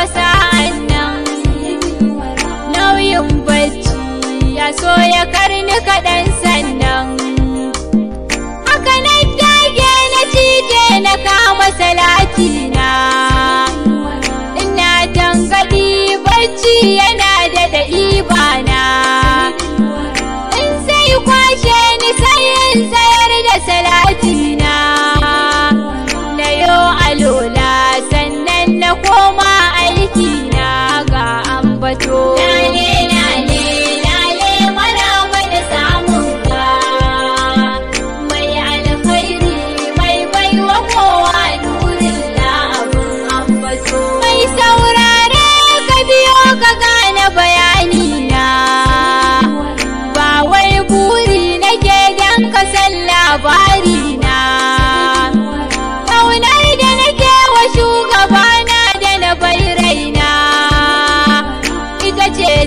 kuma sa'an nan nauyin bacci ya so ya karni kaɗansa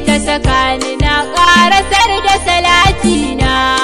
ta saka ni na ƙarasar da salatina. na.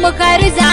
mă cărza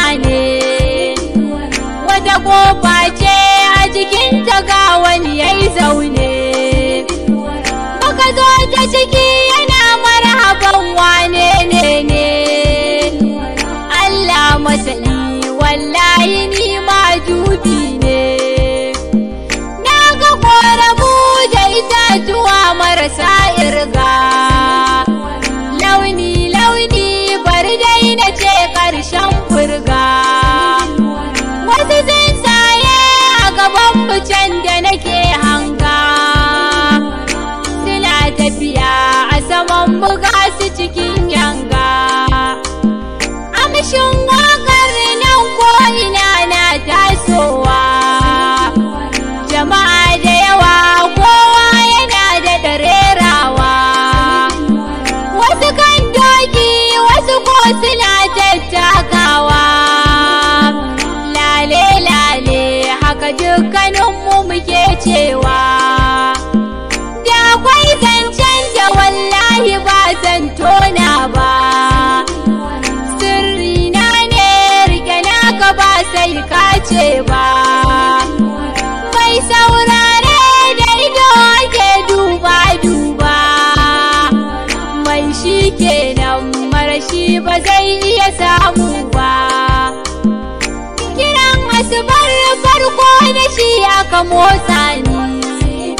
motsa ni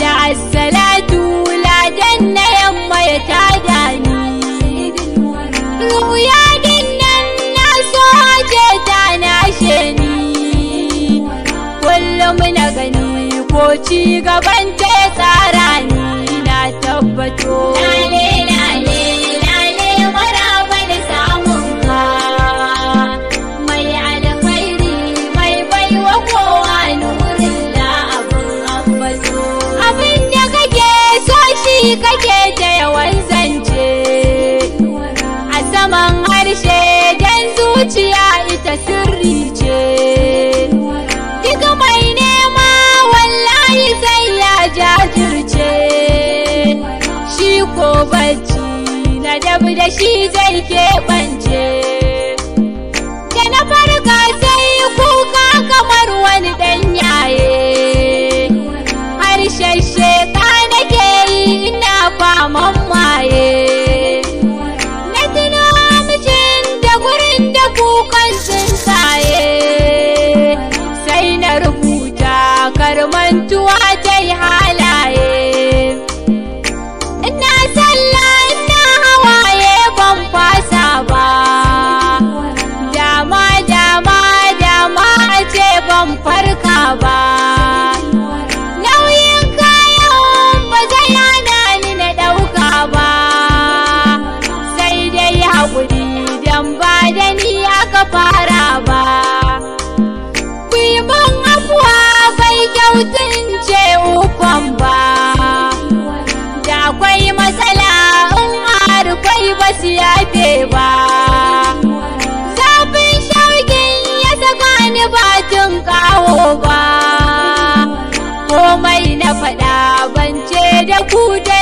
da assalatu ladan na yamma ya tada ni ruya din nan na so ce ta nashe ni kullum na gani ko ci gaban ta ya da shi zai keɓe ba zafin shaukin ya saka ni bakin kawo ba komai na faɗa bance da ku da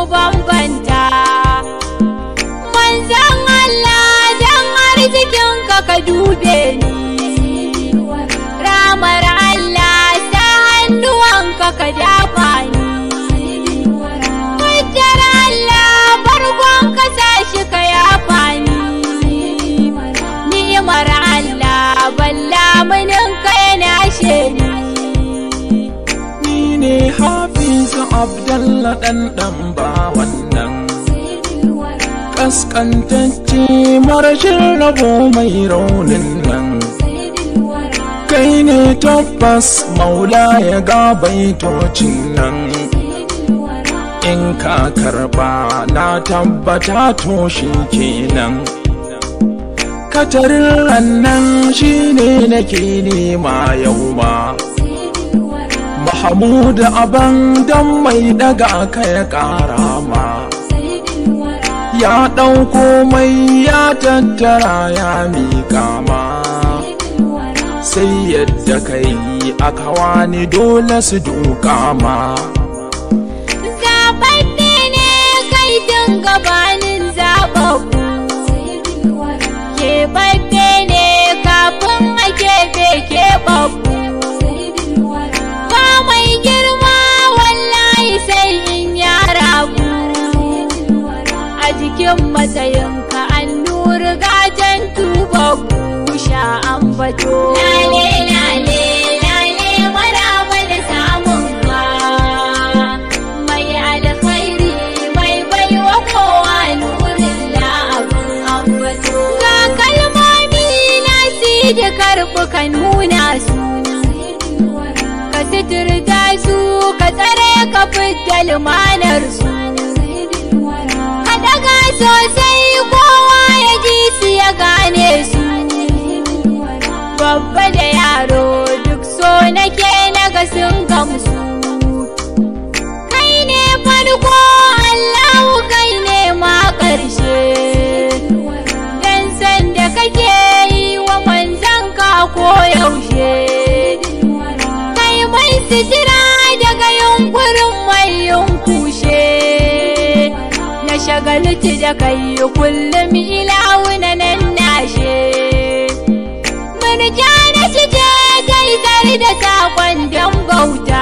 mu bambanta manzan Allah jan arzikin ka ka dube ni abdalla dan ba wannan marshin marashin rabo mai raunin nan kai ne tabbas maula ya ga baitocin nan in ka karba na tabbata to shi kenan katarin nan shine nake nema yau ma Habu da dan mai daga aka ya karama Ya ɗauko komai ya tattara ya miƙa ma Sai yadda kai aka wani dole su duka ma Zaɓaɓɓe ne kai don gabanin zaɓaɓɓu Keɓaɓɓe ne kafin a keɓe keɓaɓɓu kullum matsayinka an nuri gajen tuba busha an bato lale lale lale maraba da samun ka mai alkhairi mai baiwa kowa nurin la an bato ga kalmomi na sidi karbu ka nuna su ka sitirta su ka tsare ka fidda lumanar su sosai kowa ya ji su ya gane su babba da yaro duk so nake naga sun gamsu kai ne farko kalci da kai kullum ilawuna nan nashe ja na shige gaisar da sakon don bauta